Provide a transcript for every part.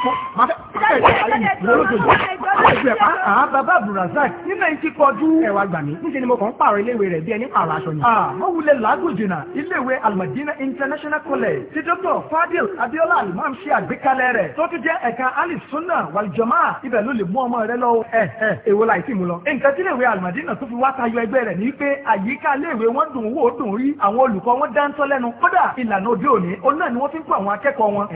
哎，再见再见，我了不起。ẹgbẹ́ pa àá bàbá abdulrasaq ní náà ń ti kọjú. ẹ wá gbà mí níṣẹ́ ni mo kàn ń pààrọ̀ iléèwé rẹ̀ bí ẹni pààrọ̀ aṣọ ni. àmọ́ ah, wulẹ̀ làágùn jìnnà iléèwé almadina international college ti dr fadil abiola alimam ṣe àgbékalẹ̀ rẹ̀ tó tún jẹ́ ẹ̀ka alisuna walijọma ibẹ̀ ló lè mú ọmọ rẹ lọ. ẹ ẹ èwo la ìsìn mu lọ. nǹkan tí iléèwé almadina tó fi wá tayọ ẹgbẹ́ rẹ̀ ni pé àyíká iléèwé wọn dùn wò dùn rí àwọn olùkọ́ wọn dáńtọ́ lẹ́nu kódà ìlànà òde òní òun náà ni wọ́n fi ń kó àwọn akẹ́kọ̀ọ́ wọn.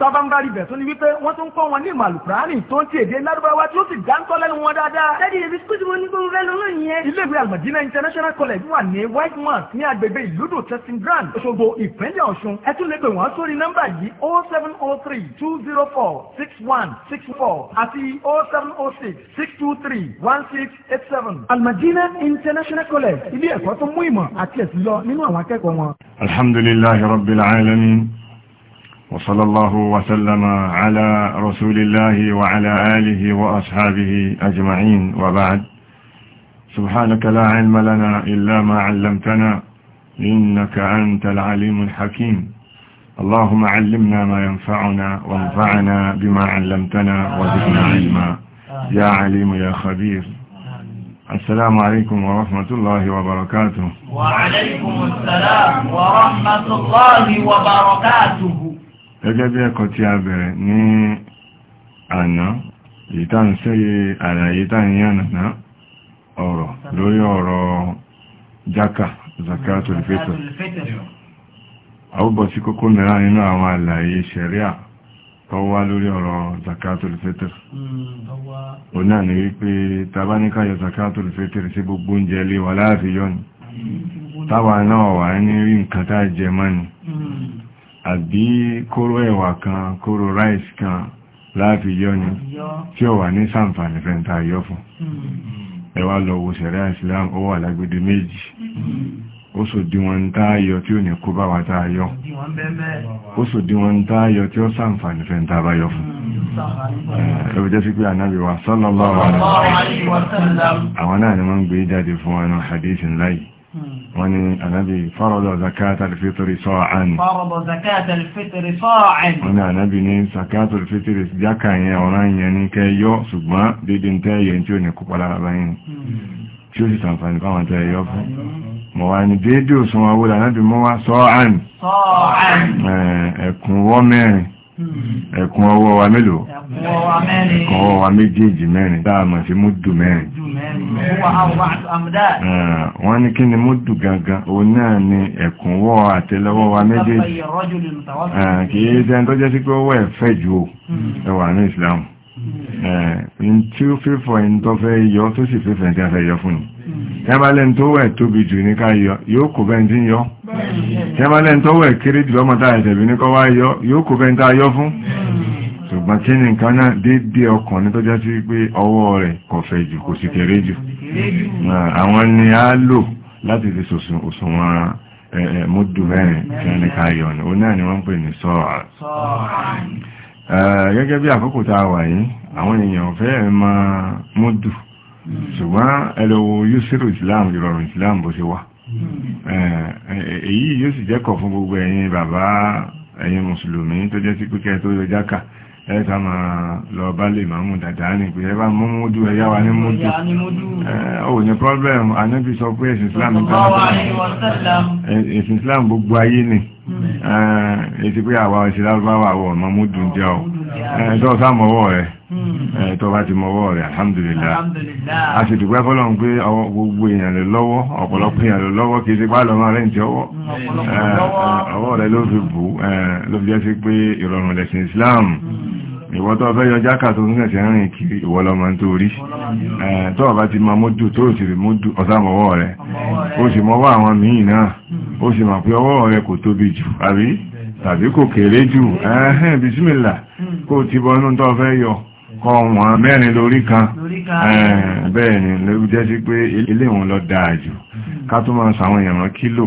sábà ń bá rí bẹ̀ tó ní wípé wọ́n tún kọ́ wọn ní ìmọ̀ àlùkùránì tó ń ti èdè lárúbáw wa tí ó sì dáńtọ́ lẹ́nu wọn dáadáa. Dádì èmi kú tí mo ní kó mo fẹ́ lọ náà nìyẹn. Ilé ìwé Àgbàdínà International College wà ní Whitemark ní agbègbè Ìlúdò Testing Ground, Òṣogbo, ìpínlẹ̀ Ọ̀ṣun. Ẹ tún lè pè wọ́n sórí nọ́mbà yìí oh oh one six 6164 àti 0706 623 1687. Almadina International College, ilé ẹ̀kọ́ tó mú ìmọ̀ àti ẹ̀sìn lọ nínú àwọn akẹ́kọ̀ọ́ wọn. Alhamdulillahi Rabbil Alamin. وصلى الله وسلم على رسول الله وعلى آله وأصحابه أجمعين وبعد سبحانك لا علم لنا إلا ما علمتنا إنك أنت العليم الحكيم اللهم علمنا ما ينفعنا وانفعنا بما علمتنا وزدنا علما يا عليم يا خبير السلام عليكم ورحمة الله وبركاته وعليكم السلام ورحمة الله وبركاته gẹ́gẹ́ bí ẹ̀kọ́ tí a bẹ̀rẹ̀ ní àná ìta ń ṣe àlàyé tá ń yànnà ọ̀rọ̀ lórí ọ̀rọ̀ jákà zakatul fitr àwọ́bọ̀ sí kókó mìíràn nínú àwọn àlàyé ṣẹ̀ríà tó wá lórí ọ̀rọ̀ zakatul fitr o hmm, náà ni wípé tàbáníká yọ zakatul fitr sí gbogbo oúnjẹ lé wa láàfíyọ́ ni hmm. táwa náà wà ní rí nǹkan tá jẹ mọ́ ni hmm. àbí kóró ẹ̀wà kan kóró ráìsì kan láàfi yọ́ ni tí ó wà ní sàǹfàní fẹ́ntà yọ́ fún hmm. ẹwà lọ wo sẹ̀rẹ́ Islam ó wà lágbèdè méjì hmm. ó sò dí wọn táyọ tí ó ní kó bá wa táyọ ó sò dí wọn táyọ tí ó sàǹfàní fẹ́ntà bá yọ fún hmm. ẹwà jẹ́ sí pé ànábì wa àwọn náà ni wọ́n gbé jáde fún wọn hadith láyìí wọ́n ní ànábì fọ́rọ̀dọ̀ zakat alfitri sọ́ọ̀án fọ́rọ̀dọ̀ zakat alfitri sọ́ọ̀án wọ́n ní ànábì ní zakat alfitri jákà yẹn ọ̀ràn yẹn ní kẹ́ yọ ṣùgbọ́n dídín tẹ́ yẹn tí ó ní kópa lára báyìí hmm. tí ó sì sàǹfààní fáwọn tẹ́ fún mọ̀ wá ní déédé òsùn ànábì mọ́ sọ́ọ̀án ẹ̀kùn mẹ́rin ẹ̀kún ọwọ́ wa mélòó ẹ̀kún ọwọ́ wa méjèèjì mẹ́rin dáàmà sí múdù mẹ́rin wọ́n ní kí ni múdù gangan o náà ni ẹ̀kún ọwọ́ àtẹ́lẹwọ́ wa méjèèjì kìí jẹ́ tó jẹ́ sí pé ọwọ́ ẹ̀fẹ́ ju hmm. ẹwà ní ìsìlámù tí ó fífọ́ ẹni tó fẹ́ yọ tó sì fi ẹni tí a fẹ́ yọ fún ni tẹ́bálẹ́ni tó wẹ̀ tóbi jù ní ká yọ yóò yọ tó wẹ̀ kéré jù ẹ̀tẹ̀bí ní kọ́ wá yọ yóò kò bẹ́ẹ̀ tá yọ fún ṣùgbọ́n kí ni nǹkan náà dédé sí pé ọwọ́ kéré jù àwọn a lò láti fi mẹ́rin ní ká yọ ni ó náà gẹ́gẹ́ bí àkókò tá a wà yìí àwọn èèyàn fẹ́ ma mọ́dù ṣùgbọ́n ẹlọ́wọ́ yusuf islam ìrọ̀rùn islam bó ṣe wà èyí yóò sì jẹ́kọ̀ fún gbogbo ẹ̀yin bàbá ẹ̀yin mùsùlùmí tó jẹ́ sí pípẹ́ tó yọ jákà ẹ̀ẹ́ta ma lọ bá lè máa mú dàdá ní pé ẹbá mú múdú ẹ̀yá wa ní múdú ọ̀wọ̀ ní problem anábì sọ pé ẹ̀sìn islam gbogbo ayé ni Eh, ètí pé àwa ọ̀sẹ̀ lárúbáwà wọ̀ ọ̀nà múdù ń jẹ́ ọ̀ ẹ̀ẹ́dọ́ sá mọ́wọ́ rẹ̀ ẹ̀ẹ́tọ́ hmm. eh, bá ti mọ́wọ́ rẹ̀ alhamdulillah a sì dùgbẹ́ fọ́lọ́n pé gbogbo èèyàn lè lọ́wọ́ ọ̀pọ̀lọpọ̀ èèyàn lè lọ́wọ́ kìí sí pá lọ́mọ rẹ̀ ń ti ọwọ́ hmm, eh, ọwọ́ rẹ̀ ló fi bù ló fi jẹ́ sí pé ìrọ̀rùn lẹ̀sìn Islam hmm. ìwọ tó fẹ́ yọjá kà tó ń sẹ̀sẹ̀ rìn kiri ìwọ lọ́mọ tó rí tó bá ti mọ mójú tó sì rí mójú ọ̀sá mọ́wọ́ rẹ̀ ó sì mọ́wọ́ àwọn míì náà ó sì mọ̀ pé ọwọ́ rẹ kò tóbi jù àbí tàbí kò kéré jù ẹ̀hẹ́n bisimilà kó ti bọ́nú tó fẹ́ yọ kọ wọn mẹ́rin lórí kan bẹ́ẹ̀ ni ló jẹ́ sí pé ilé wọn lọ dáa jù ká tó máa sàwọn èèyàn kílò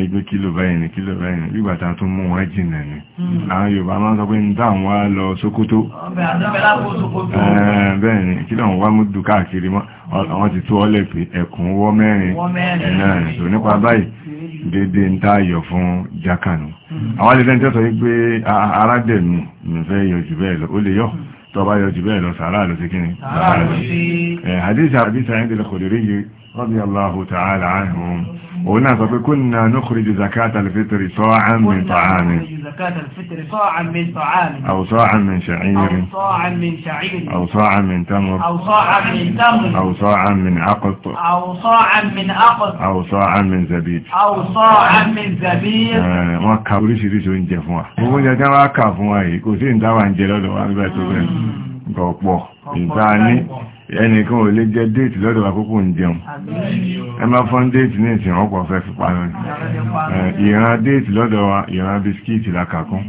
ẹgbẹ́ kílò báyìí ni kílò báyìí ni bígbàtà tó mú wọn jìnà ni hmm. àwọn Yorùbá máa ń sọ pé ń dá àwọn wá lọ Sókótó bẹ́ẹ̀ ni kílò àwọn wá mú dù káàkiri mọ́ àwọn ti tó ọlẹ̀ pé ẹkùn wọ́ mẹ́rin náà ni tó nípa báyìí dédé ń táyọ̀ fún jákànú àwọn alẹ́fẹ́ tí ó sọ wípé arádẹ̀ mi mi fẹ́ yọ jù bẹ́ẹ̀ lọ ó lè yọ tó bá yọ jù bẹ́ẹ̀ lọ sàárà lọ sí kíni àdíṣà àbíṣà ẹ̀ radiyallahu ta'ala anhum òun náà sọ pé kunna nukhriju zakat al-fitri sa'an min ta'amin aw sa'an min sha'irin aw sa'an min tamr aw sa'an min aqt aw sa'an min zabib wọ́n ka oríṣiríṣi oúnjẹ fún wa gbogbo oúnjẹ tí wọ́n kà fún wa yìí kò sí ìdáwà ń jẹ lọ́dọ̀ wa nígbà tó bẹ̀rẹ̀ gọ̀pọ̀ ìdáni ẹnìkan ò lè jẹ déètì lọ́dọ̀ àkókò ń jẹun ẹ máa fọ́n déètì ní ìsìn ọ̀pọ̀ fẹ́ fi parí ìran déètì lọ́dọ̀ wa ìran bisikíìtì lákàkún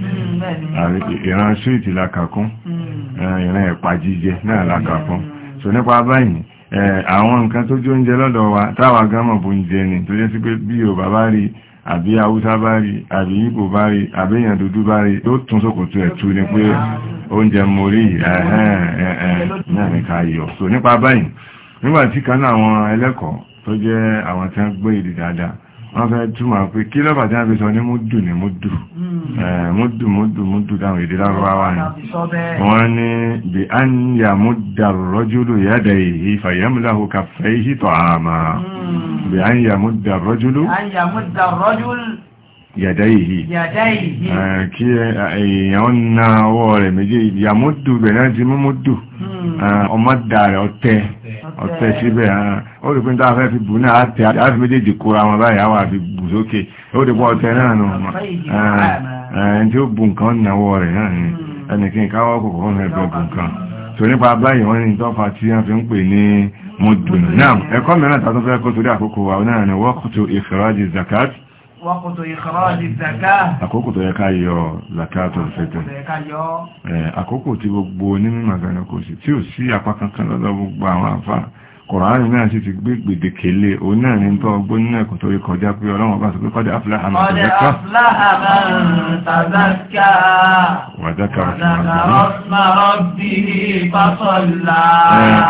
ìran súwìtì lákàkún ìran ẹ̀pà jíjẹ náà lákàkún so nípa báyìí àwọn nǹkan tó jó lọ́dọ̀ wa táwa gámọ̀ bó ń jẹ ni tó jẹ́ sí pé bí o bàbá rí àbí haúsá bá rí àbí ìgbò bá rí àbí èèyàn dúdú bá rí tó tún sókòtò ẹ̀tù ni pé oúnjẹ mórí ẹ̀hẹ́n ẹ̀hẹ́n náà ní ká yọ so nípa báyìí nígbàtí kan náà àwọn ẹlẹ́kọ̀ọ́ tó jẹ́ àwọn wọ́n fẹ́ túmọ̀ pé kí lọ́bà tí wọ́n fi sọ ní múdù ní hmm. múdù múdù múdù múdù dáwọn èdè lárúbáwá ni wọ́n ní bí a ń yà múdà rọ́júlù yàdà èyí fàyẹ́mùláhù kàfẹ́ ìhìtọ̀ àmà bí a ń yà múdà rọ́júlù yàdáyìí kí èèyàn na ọwọ́ rẹ̀ méjì yàmúdù bẹ̀rẹ̀ ti múmúdù hmm. ọmọdà rẹ̀ ọ̀tẹ́ ọ̀tẹ́ síbẹ̀ ó rí pín tó afẹ́ fi bù náà àtẹ́ àti méjèèjì kó ra wọn báyìí àwọn àfi bù sókè ó rí pọ́ ọ̀tẹ́ náà nù ẹni tí ó bù nǹkan náwọ́ rẹ̀ náà ni hmm. ẹni kí n káwọ́ kòkó fún ẹgbẹ́ bù nǹkan tó nípa báyìí wọ́n ní tọ́fà tí wọ́n fi ń pè ní mọ́dùn náà ẹ̀kọ́ mìíràn tàbí fẹ́ kó torí àkókò wa náà ni wọ́kùtù ìfẹ́rájì zakat wọ́kùtò ìkọ̀rọ̀dì zaka àkókò tó yẹ ká yọ zakatul fitr àkókò tí gbogbo onímọ̀ gan-an kò sí tí ò sí apá kankan lọ́dọ̀ gbogbo àwọn àfáà kùránì náà sì ti gbé gbèdékèlé òun náà ní tọ́ ọgbó nínú ẹ̀kọ́ tó rí kọjá pé ọlọ́run bá sọ pé kọ́dẹ̀ afúláhà máa tàzákà wàdákà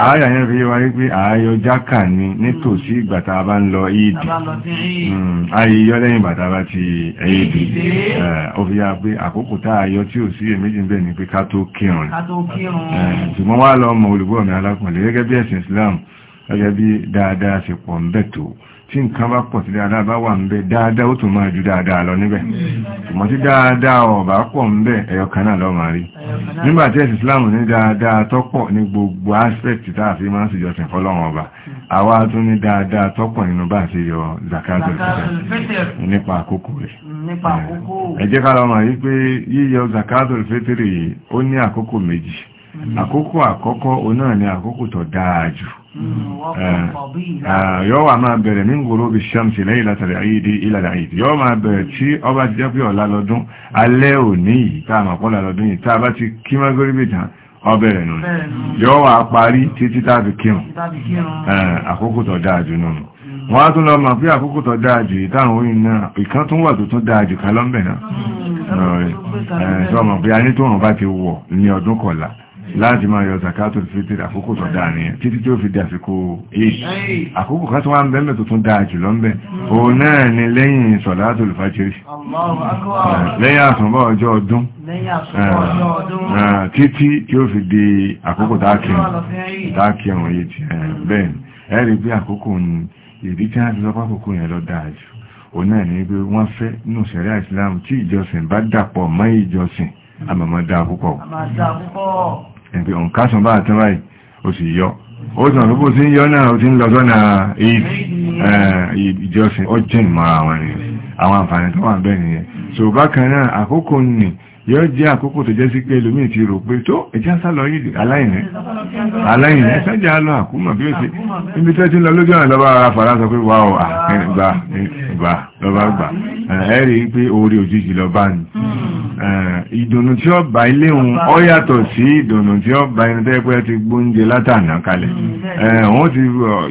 ààyà yẹn fi wáyé pé ààyọ jákà ní nítòsí ìgbà tá a bá ń lọ ìdì hmm, ààyọ lẹ́yìn ìgbà tá a bá ti ìdì ó fi yá pé gẹ́gẹ́ bí dáadáa ṣe pọ̀ ń bẹ̀ tó tí nǹkan bá pọ̀ sí dáadáa bá wà ń bẹ̀ dáadáa ó tún máa ju dáadáa lọ níbẹ̀ ṣùgbọ́n tí dáadáa ọ̀bá pọ̀ ń bẹ̀ ẹ̀yọ kan náà lọ máa rí nígbàtí ẹ̀sìn Islam ní dáadáa tọ́pọ̀ ní gbogbo aspect tá a fi máa ń sì jọsìn fọ́lọ́run ọba àwa tún ní dáadáa tọ́pọ̀ nínú bá ṣe yọ zakato nípa àkókò rẹ̀ ẹ ká lọ mọ̀ wípé yíyọ zakato fẹ́tẹ̀rẹ̀ yìí ó ní àkókò méjì àkókò àkọ́kọ́ oná ni àkókò tó dáa jù mm, eh, eh, yóò wà máa bẹ̀rẹ̀ ní ngoro bí ṣamsi lẹ́yìn látàrí àyídí ìlàdà àyídí yóò máa bẹ̀rẹ̀ tí ọba jẹ́ pé ọ̀la lọ́dún alẹ́ òní yìí tá a máa bá ti kí mágóríbì tán ọbẹ̀rẹ̀ nù wà parí títí kírun eh, àkókò tó dáa jù nù mm. wọ́n á tún lọ mọ̀ pé àkókò tó dáa jù oyin náà ìkan tún wà tó tún dáa jù náà mm, a ní láti máa yọ zakatul fitr àkókò tó dáa nìyẹn títí tí ó fi dà síkò èyí àkókò kan tó wá ń bẹ́mẹ̀ tó tún dáa jùlọ ń bẹ́ òun náà ni lẹ́yìn sọ̀látòlù fàjírí lẹ́yìn àsùnbọ̀ ọjọ́ ọdún títí tí ó fi di àkókò dákẹrùn yìí ti bẹ́ẹ̀ ẹ̀rí pé àkókò ní ìdí tí a ti lọ pákòkò yẹn lọ dáa jù òun náà ni pé wọ́n fẹ́ nù sẹ̀rẹ́ àìsílámù tí ìjọsìn bá dàpọ̀ mọ́ ìjọsìn àmàmà dáa púpọ̀ ẹ̀pẹ̀ ọ̀nkásùn bá àtọ́ báyìí ó sì yọ ó sàn tó bó sí yọ náà ó ti ń lọ sọ́nà ìjọsìn ó jẹ́ ìmọ̀ra àwọn ènìyàn àwọn àǹfààní tó wà bẹ́ẹ̀ nìyẹn so bákan náà àkókò nì yóò jẹ́ àkókò tó jẹ́ sí pé ẹlòmíì ti rò pé tó ẹjá sálọ yìí aláìní aláìní ẹsẹ́jà lọ àkúmọ̀ bí ó ṣe ibi tẹ́ ti lọ lójú ọ̀nà lọ́ba ara fara sọ pé wà ó gbà gbà lọ́ba gbà ẹ̀rí pé orí òjijì lọ́ba ni Eh, ìdùnnú tí ó bá ilé òun ó yàtọ̀ sí ìdùnnú tí ó bá ẹni tẹ́pẹ́ ti gbóúnjẹ látànà kalẹ̀ mm, eh,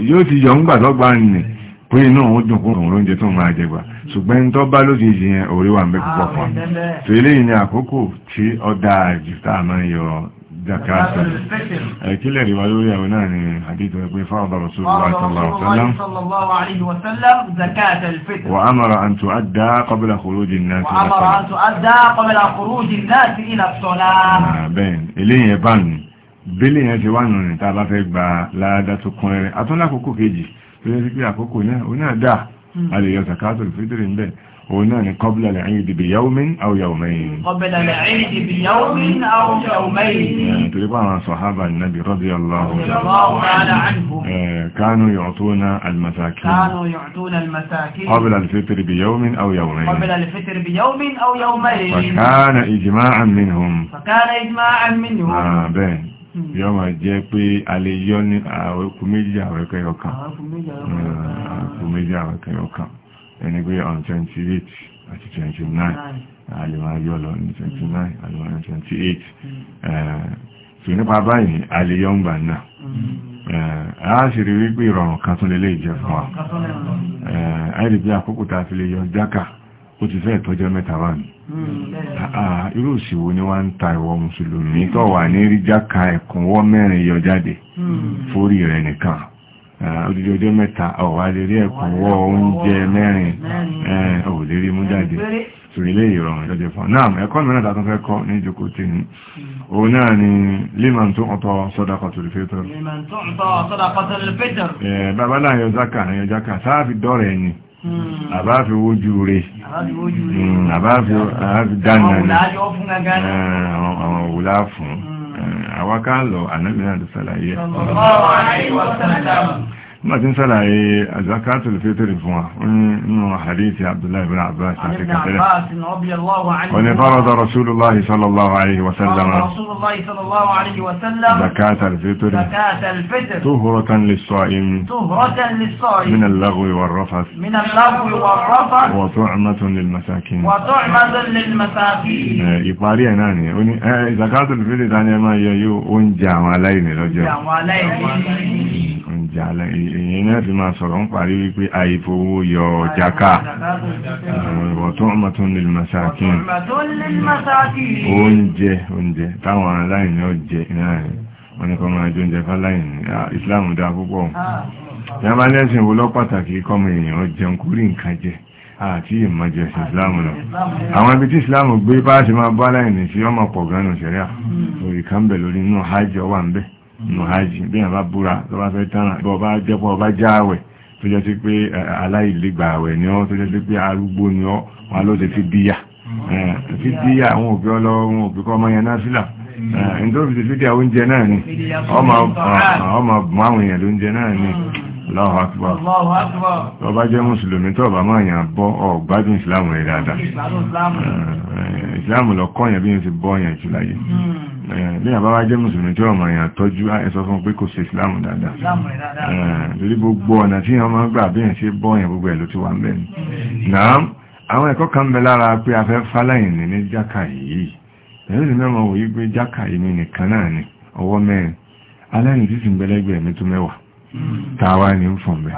yóò ti yọ ń gbà tọ́gbà nì pé inú òun dùn kún òun lóúnjẹ tó máa ṣùgbọ́n tó bá kan tó àkókò tí dáa jù zakata ẹ̀kílẹ̀ rí wa lórí àwọn náà ni àdíjọ ẹgbẹ́ fáwọn bàbá sallallahu alaihi wa sallam zakata al-fitr wa amara an tu'adda qabla khuruji an-nas wa amara an tu'adda qabla khuruji an-nas ila as-salah ah, bẹ́ẹ̀ eléyìn ẹ̀bá ni bílẹ̀ yẹn ti wà nù ní tàbá fẹ́ gba hmm. zakata al هنا قبل العيد بيوم أو يومين قبل العيد بيوم أو يومين تلقى يعني صحابة النبي رضي الله تعالى عنه آه، كانوا يعطون المساكين كانوا يعطون المساكين قبل الفطر بيوم أو يومين قبل الفطر بيوم أو يومين فكان إجماعا منهم فكان إجماعا منهم آه بين يوم ma jẹ́ آه، أو a lè أو ní àwẹ́kù méjì àwẹ́kẹ́yọkan ẹni pé on twenty eight àti twenty nine àlèwà yọ lọ ní twenty nine àlèwà ní twenty eight tò hmm. eh, nípa báyìí àlèyọ́ ń bà náà hmm. eh, a ṣe rí wípé ìrọ̀rùn kan tún lélé ìjẹ fún wa ẹ̀rì bí eh, àkókò tàà fi lè yọ jákà ó ti fẹ́ ìtọ́jọ́ mẹ́ta wà ní hmm, ah, ah, irú òsìwò ni wá ń ta ìwọ mùsùlùmí tó wà ní rí jákà ẹ̀kúnwọ́ mẹ́rin yọ jáde fórí rẹ̀ nìkan Eh, odidi ọjọ́ mẹ́ta ọ̀wà lè rí ẹ̀kúnwọ́ oúnjẹ mẹ́rin eh, ò lè rí mú jáde tó ilé ìrọ̀rùn ìjọjẹ́ fún náà ẹ̀kọ́ mẹ́rin tàbí fẹ́ kọ́ ní ìjókòó tí ní òun náà ni liman tó ọ̀tọ̀ sadaqatul fitr eh, bàbá láàrin ọjáka àrin ọjáka sáàfi dọ́rẹ̀ ẹni àbáfi wójú rẹ̀ àbáfi dánà ní àwọn òwúlá fún àwákálọ̀ ànábìnrin àti sàlàyé ما تنسى اي الزكاة الفطر فوا انه حديث عبد الله بن عباس عن ابن عباس رضي الله عنه وان فرض رسول الله صلى الله عليه وسلم رسول الله صلى الله عليه وسلم زكاة الفطر زكاة الفطر طهرة للصائم طهرة للصائم من اللغو والرفث من اللغو والرفث وطعمة للمساكين وطعمة للمساكين ìparí ẹ̀ زكاة الفطر ó ما ẹ̀ zakatul fitr ta ni ẹ máa ìjàlẹ̀ èyí náà fi máa sọ̀rọ̀ ń parí wípé àìfowó yọ jaka ọ̀tọ́ ọmọtún lè masakin oúnjẹ oúnjẹ táwọn aláìní ọjẹ náà wọ́n ní kọ́ máa jọ oúnjẹ fáláìní Islam dá púpọ̀ yàmá lẹ́sìn wo lọ pàtàkì kọ́mọ èèyàn jẹun kúrì nǹkan jẹ àti ìmọ̀jẹ̀ sí ìsìláàmù lọ àwọn ibi tí ìsìláàmù gbé bá ṣe máa bá láìní sí ọmọ pọ̀ gánà ṣẹ̀ríà òrìkà ń bẹ̀ lórí inú hajj ọwà ń bẹ̀ nù hajj bí wọn bá búra tó bá fẹ́ tán bọ́ bá jẹ́pọ̀ bá jáwẹ̀ tó jẹ́ sí pé aláìlégbà àwẹ̀ ni ọ́ tó jẹ́ sí pé arúgbó ni ọ́ wọn ló ṣe fi bíyà fi bíyà àwọn òbí ọlọ́run òbí kọ́ ọmọ náà sílà nítorí ti fídíà ni ọmọ ọgbọ̀n àwọn èèyàn ni Allahu akbar tó bá jẹ́ mùsùlùmí tó bá máa yàn bọ́ ọ̀gbádùn ìsìláàmù rẹ̀ dáadáa ìsìláàmù lọ kọ́yàn bí yẹn ti bọ́ yẹn jù Eh, bí àbáwá jẹ́ mùsùlùmí tí ọmọ èèyàn tọ́jú ẹ̀sọ́ fún pé kò sí islam dáadáa lórí eh, gbogbo ọ̀nà tí ọmọ gbà bí ẹ̀ sí bọ́ọ̀yàn gbogbo ẹ̀ ló ti wà ń bẹ̀ náà àwọn ẹ̀kọ́ kan bẹ lára pé afẹ́ fáláyìn ní jákà yìí ẹ̀rọ ìsìn mẹ́wọ̀n wòye pé jákà yìí nìkan náà ni ọwọ́ mẹ́rin aláìní títí ń bẹ́lẹ́gbẹ̀ẹ́ mi tó mẹ́wàá tàwa ni ń fún mi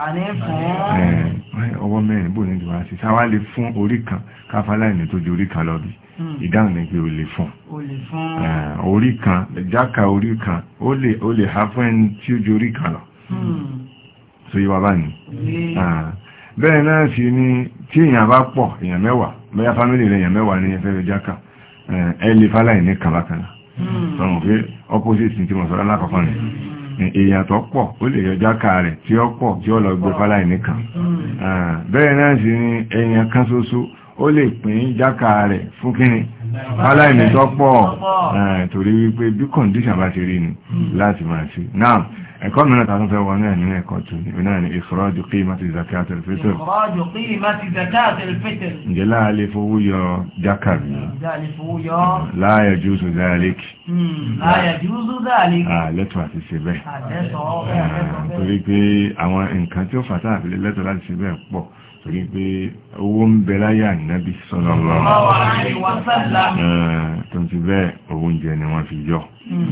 ọwọ́ mẹ́rin bò ní ìdíwá sí sáwá lè fún orí kan káfáláìní tó ju orí kan lọ bí hmm. ìdáhùn ní pé o lè fún orí kan jáka orí kan ó lè ha fún ẹni tí ó ju orí kan lọ so yíwa bá ní bẹ́ẹ̀ náà sì ni tí èèyàn bá pọ̀ èèyàn mẹ́wàá bẹ́yà fámílì rẹ̀ èèyàn mẹ́wàá ní ẹfẹ́ jáka ẹ lè fáláìní kàbákanà hmm. sọ̀rọ̀ pé opposite tí mo sọ̀rọ̀ èèyàn tó pọ̀ ó lè yọ jáka rẹ̀ tí ó pọ̀ tí ó lọ gbé fáláì nìkan mm. ah, bẹ́ẹ̀ náà sí ni èèyàn kan soso ó lè pín jáka rẹ̀ fún kíni fáláì ní tó ah, torí wípé bí kọ̀ǹdíṣàn bá ti rí ni mm. láti máa ṣe náà ẹ̀kọ́ mìíràn tàbí fẹ́ wọ náà nínú ẹ̀kọ́ tó náà ni ìfọ́rọ́jù qimati zakat al-fitr ǹjẹ́ láàlè fowó yọ jákàrí la yajuzu zalik hmm, ah, lẹ́tọ̀ àti ṣe bẹ́ẹ̀ ah, eh, eh. torí pé àwọn nǹkan tí ó fàtà àfilẹ́ lẹ́tọ̀ láti ṣe bẹ́ẹ̀ pọ̀ torí pé owó ń bẹ láyé ànábì sallallahu alaihi wasallam eh, tó ti bẹ́ẹ̀ owó oúnjẹ ni wọ́n fi yọ hmm.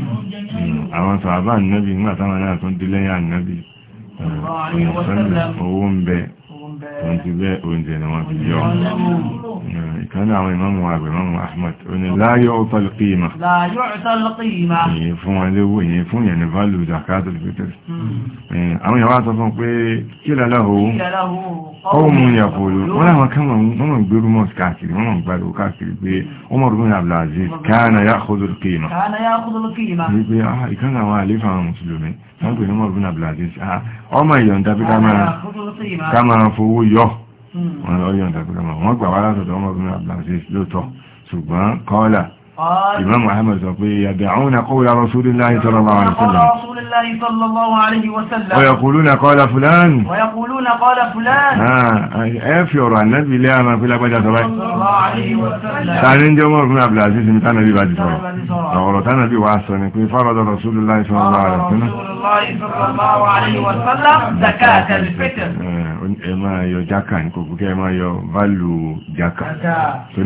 Hmm, àwọn sàábà ànábì nígbà táwọn náà tó dé lẹ́yìn ànábì owó ń bẹ wọ́n ti bẹ́ oúnjẹ ni wọ́n fi yọ ìkànnà àwọn ìmọ́mù àgbà ìmọ́mù Ahmad ó ní láyé ọ̀tọ́lù kíìmà èyí fún wọn lówó èyí fún yẹn ní válù zakato lupiters hmm. àwọn ìyàwó sọ fún pé kí laláhó ọmọ ìyàfòlò wọ́n láwọn kánmà wọ́n gbérú mọ́s káàkiri wọ́n gbàdó káàkiri pé ọmọ rúgbìn Abdulaziz kánà yá kọ́dọ̀ kíìmà wípé ìkànnà àwọn àlífà àwọn ah, ká máa fowó owó yọ hmm. wọ́n lọ yọ̀ǹda pẹ̀lú wọn gbà wá látọ̀dọ̀ ọmọbìnrin abdulaziz lóòótọ́ ṣùgbọ́n kọ́lá قال الإمام أحمد رضي يدعون قول رسول الله صلى الله عليه وسلم ويقولون قال فلان ويقولون قال فلان ها اف يور النبي لا ما في لقد صلى الله عليه وسلم كان جمهور من ابل عزيز من كان النبي بعد صلى الله عليه وسلم النبي واسن كيف فرض رسول الله صلى الله عليه وسلم رسول الله صلى الله عليه وسلم زكاه الفطر ema yo jakan ko ke ema yo value jakan ce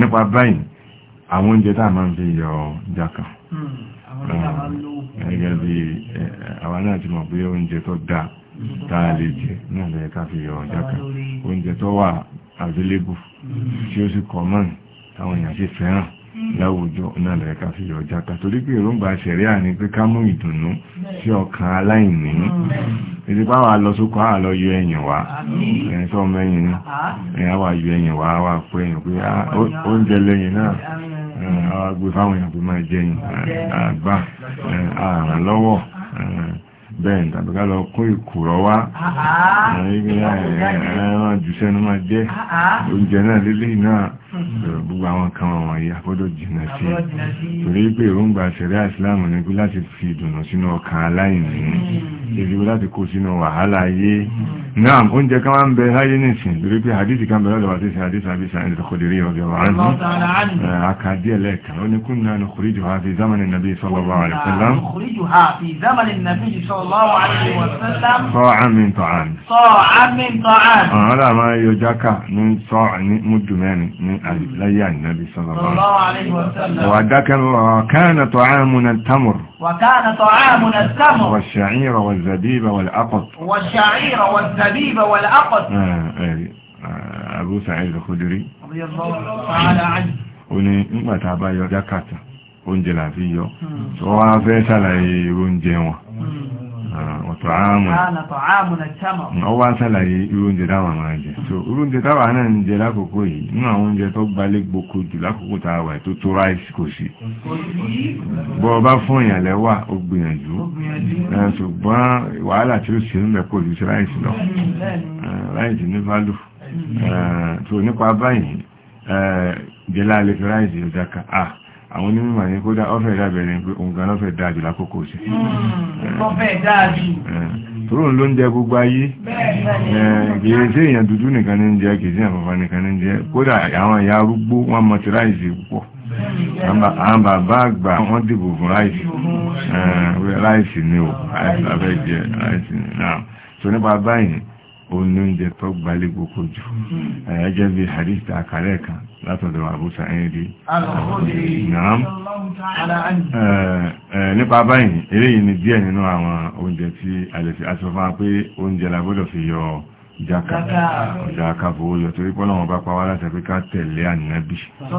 àwọn oúnjẹ tá a máa ń fi yọ jákàn hmm, ah, gẹ́gẹ́ àwọn náà ti mọ̀ pé oúnjẹ tó dá lè jẹ náà lẹ́yẹ ká fi yọ oúnjẹ tó wà available hmm. láwùjọ náà lẹ̀ fi yọ játa torí pé èròǹgbà ṣẹ̀ríà ni pé ká mú ìdùnnú sí ọkàn aláìní ìdí hmm. wà lọ sókò àà yọ ẹ̀yìn wá ẹ̀yìn tó ọmọ ẹ̀yìn wà yọ ẹ̀yìn wá wà pé ẹ̀yìn pé oúnjẹ ah, lẹ́yìn náà eh, àwọn fáwọn èèyàn pé máa eh, àgbà eh, àràn lọ́wọ́ bẹ́ẹ̀ tàbí ká lọ kó ìkùrọ̀ wá ah, ah. ẹ̀yìn máa jẹ́ oúnjẹ náà náà Hmm. gbogbo àwọn kan wọ̀nyí àgbọ́dọ̀ jìnà sí torí pé èròǹgbà ṣẹ̀rẹ́ àìsìláàmù ní pé láti fi ìdùnnà sínú ọkàn aláìní hmm. ìdíwó láti kó sínú wàhálà ayé hmm. náà oúnjẹ kan wá ń bẹ láyé nìsìn torí pé hadisi kan bẹ̀rẹ̀ lọ́wọ́ tẹ́sí hadisi àbí sàrẹ́ ìdíkọ̀dẹ̀rẹ́ ọ̀gẹ̀ wà ní àkàdíẹ̀ lẹ́ẹ̀kan ó ní kún náà ní kòríjù ha fi zamani nabi sallallahu alaihi wasallam sọ́ọ̀ min tọ́àn. sọ́ọ̀ ní يعني النبي صلى الله عليه وسلم وذكر كان طعامنا التمر وكان طعامنا التمر والشعير والزبيب والأقط والشعير والزبيب والأقط آه، آه، آه، أبو سعيد الخدري رضي الله تعالى عنه وني ما تابع ونجلا فيه làfíyọ́ لأي ونجيوه ọ ah, wá sálàyé irú oúnjẹ táwa máa jẹ so irú oúnjẹ táwa náà ń jẹ lákòókò yìí nínú àwọn oúnjẹ tó gbalé gboko jù lákòókò táwa tó tó ráìsì kò sí bọ́ ọba fún èèyàn lẹ́wà ó gbìyànjú eh, ṣùgbọ́n wàhálà tí ó sì ń lẹ́pọ̀ jù sí ráìsì lọ eh, ráìsì ní fálù tó eh, nípa báyìí jẹ́lá lè fi ráìsì ọjà àwọn onímọ̀ ní kódà ọ́fẹ́ dábẹ̀rẹ̀ pé òǹkan lọ́fẹ́ dájú lákòókò sí tóró hmm, eh, ló ń jẹ gbogbo ayé eh, kìí sí èèyàn dúdú nìkan ní jẹ kìí sí àpapà nìkan ní jẹ kódà àwọn ìyá arúgbó wọn mọ̀tí ráìsì púpọ̀ àwọn bàbá àgbà wọ́n dìbò fún ráìsì hmm. eh, ráìsì ni ò ráìsì lábẹ́ jẹ ráìsì náà tó nípa báyìí onúnjẹ tó gbalé gbogbo jù hmm. ẹ̀yẹ́jẹ́ bí hadith àkàrẹ́ kan látọ̀dọ̀ Abu Sa'idi nípa báyìí eléyìí ni díẹ̀ nínú àwọn oúnjẹ tí a lè wa pé oúnjẹ la gbọ́dọ̀ fi yọ ọ́ ìjà àkàbò oyọ̀ torí pọ́lọ̀wọ̀n bá pàwà láti pé ká tẹ̀lé ànábì tó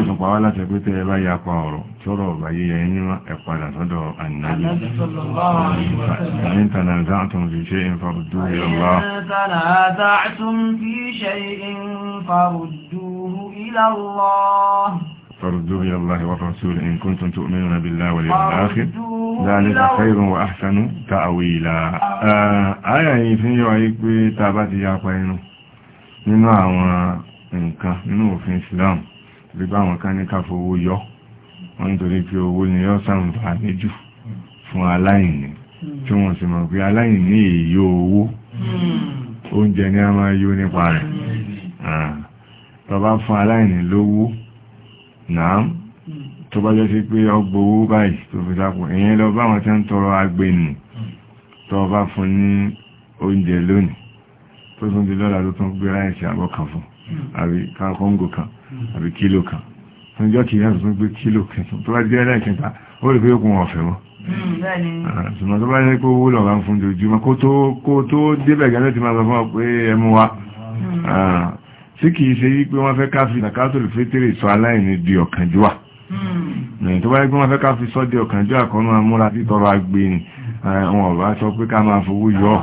ìsùn pàwà láti pé tẹ́ bá yapa ọ̀rọ̀ tí ọ̀rọ̀ ọ̀bá yíya ẹni ẹ̀padà sọ́dọ̀ ànábì ìtànàzàtún fi ṣe ń farudú ìlọ́lá فردوا إلى الله والرسول إن كنتم تؤمنون بالله واليوم الآخر ذلك خير وأحسن تأويلا آية يفين يوعيك بتاباتي يا قوينو nínú àwọn nǹkan nínú òfin Islam bí bá àwọn kan ní ká fowó yọ wọ́n nítorí pé owó ni yọ́ ṣàǹfààní jù fún aláìní tí wọ́n sì mọ̀ pé aláìní èyí owó hmm. oúnjẹ ni a máa yó nípa rẹ̀ hmm. ah, tó bá fún aláìní lówó náà tó bá jẹ́ sí pé ọgbòwó báyìí tó fi sápò èyàn lọ bá wọn tẹ́ ń tọrọ agbẹ̀nì tó bá fún ní oúnjẹ lónìí tó tún di lọ́la tó tún gbé ráìsì àbọ̀ kan fún àbí kọ́ńgò kan àbí kílò kan tó ń jọ́ kìí láti tún gbé kílò kẹtùn tó bá jẹ́ ẹlẹ́kẹta ó rí pé ó kún ọ̀fẹ́ wọn hmm, ah, ṣùgbọ́n tó bá ní kó wúlọ̀ bá ń fún ojoojúmọ́ kó tó débẹ̀ gẹ́lẹ́ ti máa sọ fún ọ pé ẹmu wa hmm. ah, tí kìí ṣe yí pé wọ́n fẹ́ ká fi zakatol fitiri sọ aláìní di ọ̀kánjúwà hmm. tó bá yẹ pé wọ́n fẹ́ ká fi sọ di ọ̀kánjúwà kan náà títọrọ agbè ni wọn ò bá sọ pé ká máa fowó yọ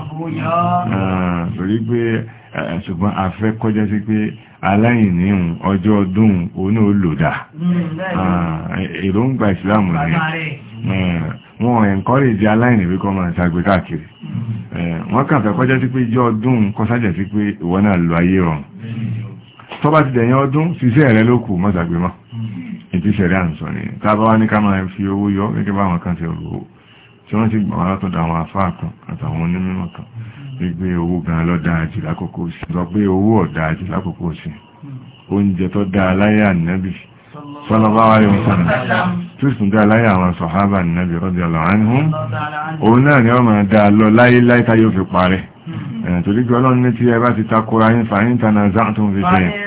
torí pé ṣùgbọ́n a fẹ́ kọjá sí pé aláìní ọjọ́ ọdún oní olódà hmm, èròǹgbà ìsìláàmù rẹ̀ wọn encourage aláìní wíkọ́ máa ṣàgbé káàkiri hmm. wọ́n kàfẹ́ kọjá sí pé ìjọ ọdún kọsájẹ̀ sí pé ìwọ náà lo ayé rọrùn tó bá ti dẹ̀yìn ọdún ṣiṣẹ́ rẹ ló kù mọ́sàgbé mọ́ ìtíṣẹ́ rẹ̀ àǹsọ̀ ni tábá wá ní ká máa fi owó yọ gẹ́gẹ́ bá àwọn kan ti rò ó tí wọ́n ti gbà wá látọ̀dọ̀ àwọn àfáà kan àtàwọn onímọ̀ kan gbígbé owó gan lọ dáa jù lákòókò sí sọ pé owó ọ̀dáa jù lákòókò sí oúnjẹ tó dáa láyé ànábì sallallahu alaihi wasallam tí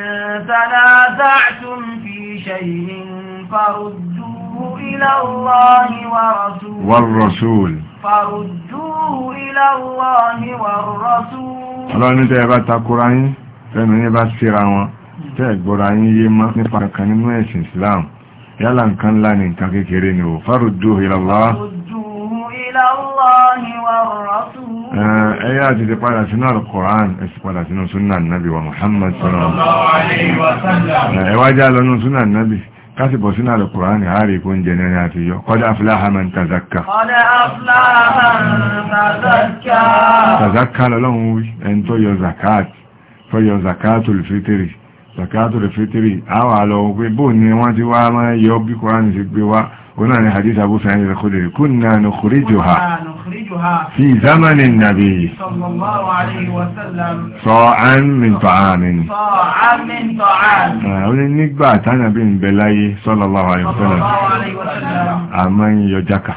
ó تنازعتم في شيء فردوه إلى الله ورسول والرسول فردوه إلى الله والرسول الله نتا يبا تاكورا ين فإنه يبا سيرا wọn تأكبرا ين يما نفا كان نوع الإسلام yálà nǹkan ńlá ní nǹkan kékeré ni ò fárùdú ìlàlá fárùdú ìlàlá ni wà rọ̀rọ̀ tó Eh, ẹ̀yà àti ti padà sínú al-Qur'an ẹ̀sì padà sínú súnà nàbí wa Muhammad sallallahu alaihi wa sallam eh, ẹ̀wájá lọ́nà súnà nàbí kasi bọ̀ sínú al-Qur'an ààrẹ ikú jẹ ní àti yọ qad aflaha man tazakka tazakka lọ́lọ́run wí ẹn tó yọ zakat tó yọ zakatul fitri zakatul fitri àwọn àlọ́ òpin bóò ni wọ́n ti wá máa yọ bí Qur'an ti gbé wá هنا عن حديث أبو سعيد الخدري كنا نخرجها في زمن النبي صلى الله عليه وسلم صاعا من طعام صاعا من طعام nígbà آه، تانا بن بلاي صلى الله عليه وسلم a máa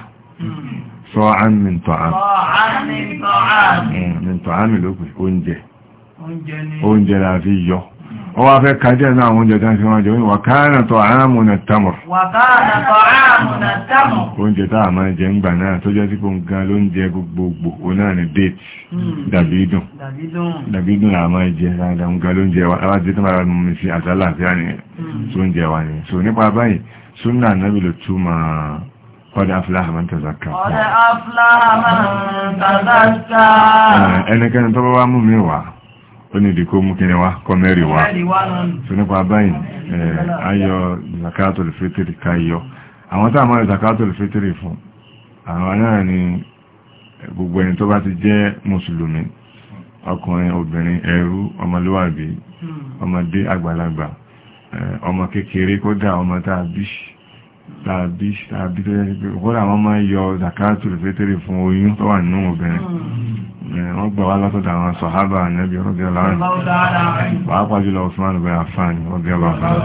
صاعا من طعام صاعا من طعام آه، من طعام ló pè oúnjẹ oúnjẹ la fi wọ́n wá fẹ́ kájẹ́ náà àwọn oúnjẹ tán fi wọ́n jẹ wọ́n káàrà tọ́ àámù nà tamọ̀ oúnjẹ tá a máa jẹ ń gbà náà tó jẹ́ sí kò ń gan lóúnjẹ gbogbogbò o náà ni date hmm. dàbídùn dàbídùn a máa jẹ dáadáa ń gan lóúnjẹ wa alájẹ́ tó máa mú sí àtàlàfíà ni tó hmm. ń jẹ wa ni so nípa báyìí súnà nábì ló túmọ̀ قد أفلح من تزكى ó ní ìdíkó mú kíni wá kọ mẹ́rin wá tó nípa báyìí ayọ̀ zakatul fitri káyọ àwọn tá àmọ́ zakatul fitri fún àwọn náà ni gbogbo ẹni tó bá ti jẹ́ mùsùlùmí ọkùnrin obìnrin ẹrú ọmọlúwàbí hmm. ọmọdé àgbàlagbà ọmọ kékeré kódà ọmọ tá a bí tàbí tàbí tó yẹ́ pé kódà wọ́n máa yọ zakatul fitri fún oyún tó wà nínú obìnrin hmm. eh, wọ́n gbà wá látọ̀dọ̀ àwọn sọ̀hábà nẹ́bí radiyallahu anhu pàápàá jùlọ Usman ibn Affan radiyallahu anhu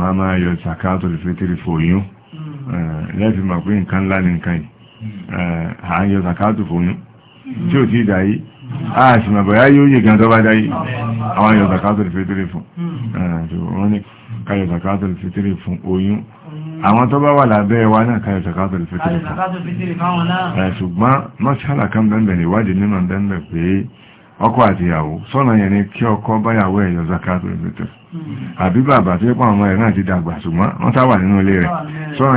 wọ́n máa yọ zakatul fitri fún oyún hmm. eh, lẹ́fì mọ̀ pé nǹkan ńlá ní nǹkan yìí hmm. eh, à ń yọ zakatul fún oyún tí ò tí ì dáyé a sì mọ̀ bọ̀yá yóò yẹ gan tó bá dáyé àwọn yọ zakatul fitri fún wọ́n ní ká yọ zakatul fitri fún oyún àwọn tó bá wà lábẹ́ wa náà káyọ̀ sàkátọ̀ fìtìrì fáwọn náà ṣùgbọ́n mọ́ṣálà kan bẹ́ẹ̀ ni ìwádìí nínú bẹ́ẹ̀ pé ọkọ àti ìyàwó sọ́nà yẹn ni kí ọkọ báyàwó ẹ̀yọ sàkátọ̀ fìtìrì hmm. àbí bàbá tó pọ̀ àwọn ẹ̀rọ àti dàgbà ṣùgbọ́n wọ́n sáwà nínú ilé rẹ̀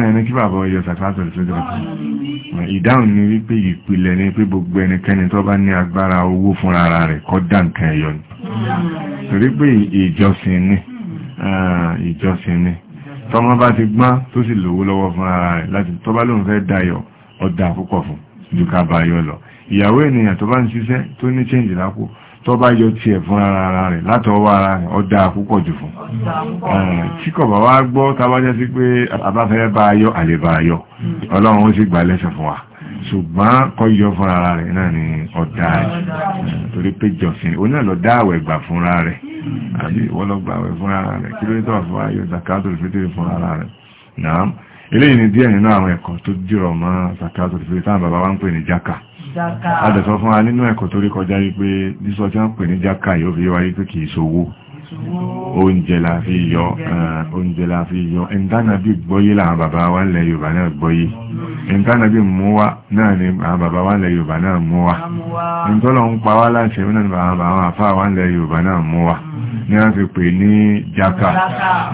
ni kí ni wípé ìpìlẹ̀ ni pé gbogbo ẹnikẹ́ni tó bá ní agbára ni hmm. torí ni tọ́mọ bá ti gbọ́n tó sì lówó lọ́wọ́ fún ara rẹ̀ láti tọ́bá lóun fẹ́ dayọ̀ ọ̀dà púpọ̀ fún ju ká bá yọ lọ ìyàwó ènìyàn tó bá ń ṣiṣẹ́ tó ní change lápò tó bá yọ tiẹ̀ fún ara rẹ̀ látọwọ́ ara rẹ̀ ọ̀dà púpọ̀ jù fún ṣùgbọ́n kọjọ fún ara rẹ̀ náà ni ọ̀dá rẹ̀ torí pé jọsìn o náà lọ dá àwẹ̀ gbà fúnra rẹ̀ àbí wọ́n lọ gbà àwẹ̀ fúnra rẹ̀ kí ló tọ́ fún ayọ̀ zakatul fitri fúnra rẹ̀ náà eléyìí ni díẹ̀ nínú àwọn ẹ̀kọ́ tó dìrọ̀ mọ́ zakatul fitri táwọn bàbá wa ń pè ní jaka adẹ̀sọ fún wa nínú ẹ̀kọ́ tó kọjá yí pé sísọ tí wọ́n pè ní jaka yóò fi yíwa pé kì ṣowó oúnjẹ la fi yọ eh, oúnjẹ la fi yọ ìntánàbí gbọ́yé làwọn bàbá wa lẹ Yorùbá náà gbọ́yé ìntánàbí mú wa náà ni àwọn bàbá wa lẹ Yorùbá náà mú wa ìntọ́lọ̀ ń pa wá láṣẹ náà ni àwọn bàbá àfá wa lẹ Yorùbá náà mú wa ni a fi pè ní jaka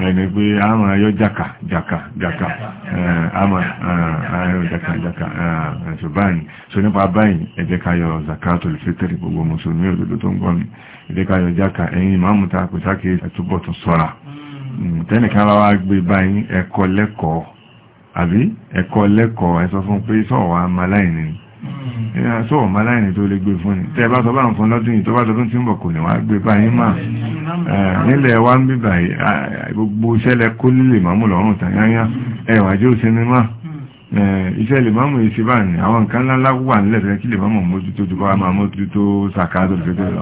ẹni pé a máa yọ jaka jaka jaka àmà eh, ààrẹ eh, jaka jaka ṣùgbọ́n so nípa báyìí ẹ jẹ́ ká yọ zakatul fitri gbogbo mùsùlùmí òdodo tó ń gbọ́ mi ìdíkayọ̀ jáka ẹ̀yìn ìmáàmù ta kò sáké ẹ̀túbọ̀ tó sọ́ra mm, tẹ́nìkan bá wá gbé báyìí ẹ̀kọ́ lẹ́kọ̀ọ́ àbí ẹ̀kọ́ lẹ́kọ̀ọ́ ẹ̀sọ fún pé sọ̀wọ́ amaláìní sọ̀wọ́ mm. eh, amaláìní tó lè gbé fún ni tẹ́ bá sọ bá ń fún lọ́dún yìí tó bá tọdún tí ń bọ̀ kò ní wá gbé báyìí mà eh, nílẹ̀ wá ń bíbà gbogbo iṣẹ́lẹ̀ kó lílè màmú lọ́rùn tàyáyá mm. ẹ̀wà jẹ́ òsínú eh, iṣẹ́ lè máa mú èsì báyìí àwọn nǹkan ńlá wà nílẹ̀ tẹ́lẹ̀ kí lè máa mójútó tó bá máa mójútó sàkáàtò lè fẹ́ lọ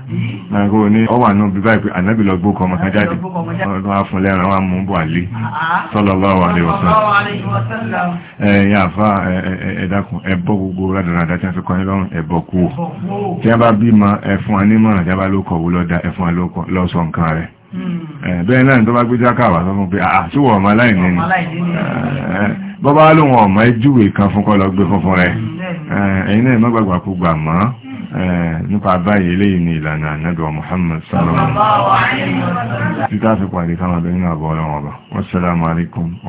Àgọ́ ní ọwà náà bí báyìí pé ànábì lọ gbókọ ọmọ kan jáde. Ọlọ́dún á fún lẹ́ran wá mú bọ̀ àlé. Ah. Sallallahu alaihi wasallam. Ẹ̀yìn àfá ẹ̀dàkùn ẹ̀bọ́ gbogbo rádàrádà tí a fi kọrin lọ́rùn ẹ̀bọ̀ kú. Tí a bá bímọ ẹ̀fún anímọ̀ràn tí a bá lókọ̀ wó lọ́dà ẹ̀fún alókọ̀ lọ́sọ nǹkan rẹ̀ hmm. bẹ́ẹ̀ náà tó bá gbé jákàwà sọ fún pé àṣíwọ̀ ah, ọmọ aláìní ni bọ́bá lóhun ọmọ ẹjúwèé kan fún kọ́ lọ gbé fún fún rẹ̀ hmm, ẹ̀yìn náà mọ́gbàgbà kú gbà mọ́ Eh, nípa báyìí lè ní ìlànà ànádọ̀ Muhammad sallallahu alaihi wasallam títà fi pàdé káwọn abẹ́ nínú àbọ̀ wa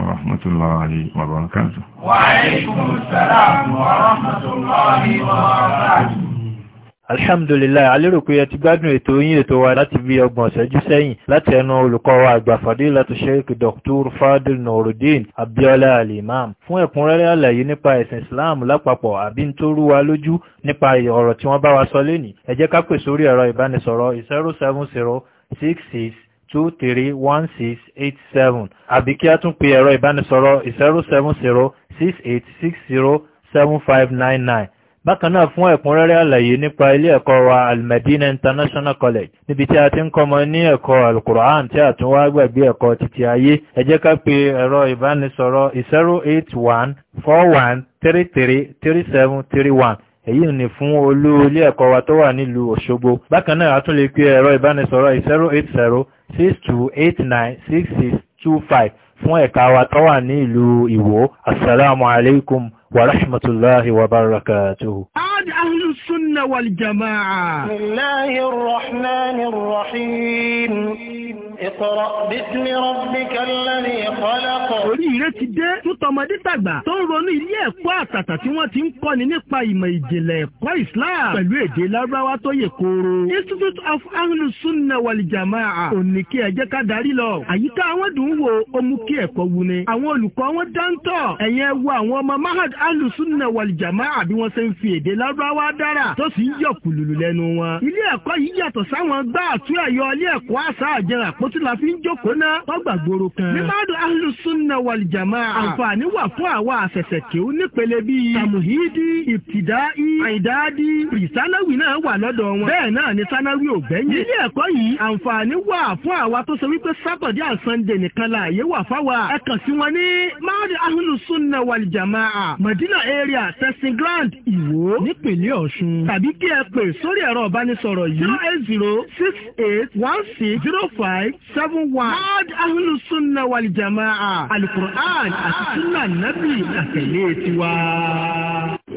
rahmatullahi wa barakatuh wa alaikum wa rahmatullahi wa barakatuh alhamdulillah alérò pé ẹ ti gbádùn ètò yín ètò wa láti bí ọgbọ̀n ṣẹ́jú sẹ́yìn láti ẹnu olùkọ́ wa àgbà fadilatu sheikh dr fadil nurudeen abiola alimam fún ẹ̀kúnrẹ́rẹ́ àlàyé nípa ẹ̀sìn islam lápapọ̀ àbí ń tó rú wa lójú nípa ọ̀rọ̀ tí wọ́n bá wa sọ lénìí ẹ jẹ́ ká pè sórí ẹ̀rọ ìbánisọ̀rọ̀ zero seven zero six six two three one six eight seven àbí kí a tún pe ẹ̀rọ ìbánisọ̀rọ̀ zero seven zero six eight six zero seven five nine nine bákan náà fún ẹ̀kúnrẹ́rẹ́ àlàyé nípa ilé ẹ̀kọ́ wa almadina international college níbi tí a ti ń kọ́mọ ní ẹ̀kọ́ alukur'an tí a tún wá gbàgbé ẹ̀kọ́ títí ayé ẹ jẹ́ ká pe ẹ̀rọ ìbánisọ̀rọ̀ 08141333731 èyí ni fún olú ilé ẹ̀kọ́ wa tó wà nílùú òṣogbo bákan náà a tún lè pe ẹ̀rọ ìbánisọ̀rọ̀ 08062896625 fún ẹ̀ka wa tó wà ní ìlú ìwó assalamu alaikum ورحمة الله وبركاته أهل السنة السنة والجماعة بسم الله الرحمن الرحيم اقرأ باسم ربك الذي خلق oríire ti dé tó tọmọdé tàgbà tó ń ronú ilé ẹ̀kọ́ àtàtà tí wọ́n ti ń kọ́ni nípa ìmọ̀ ìjìnlẹ̀ ẹ̀kọ́ Islam pẹ̀lú èdè lárúbáwá tó yè kooro Institute of Ahlus Sunnah wal òní kí ẹ ká darí lọ àyíká àwọn dùn ún wo ó mú kí ẹ̀kọ́ wu àwọn olùkọ́ wọn dáńtọ̀ ẹ̀yẹn wo àwọn ọmọ mahad Ahlus Sunnah wal bí wọ́n ṣe ń fi èdè lárúbáwá dára t tó sì ń yọ kùlùlù lẹ́nu wọn. ilé ẹ̀kọ́ yìí yàtọ̀ sáwọn gbá àtú ilé ẹ̀kọ́ àṣà àjẹrà àpótí fi ń jókòó ná ọgbà gbòòrò kan. ní madu ahlu sunna wal jamaa. Ah. àǹfààní wà fún àwa àfẹsẹ̀ kéwú nípele bíi. tamuhidi ibtidai àìdáàdì ìsánáwì náà wà lọ́dọ̀ wọn. bẹ́ẹ̀ náà ni sánáwì ò gbẹ́yìn. ilé ẹ̀kọ́ yìí àǹfààní wà fún sunday nìkan la àyè wà fáwa. ẹ kàn sí wọn sunna wal jamaa. area testing ground ìwó nípínlẹ̀ ọ̀ṣun tàbí kí ẹ pè sórí ẹ̀rọ ìbánisọ̀rọ̀ yìí zero eight zero six eight one six zero five seven one. Mad Ahlu Sunna wal Jama'a Alukur'an àti Sunna Nabi àtẹ̀lé tiwa.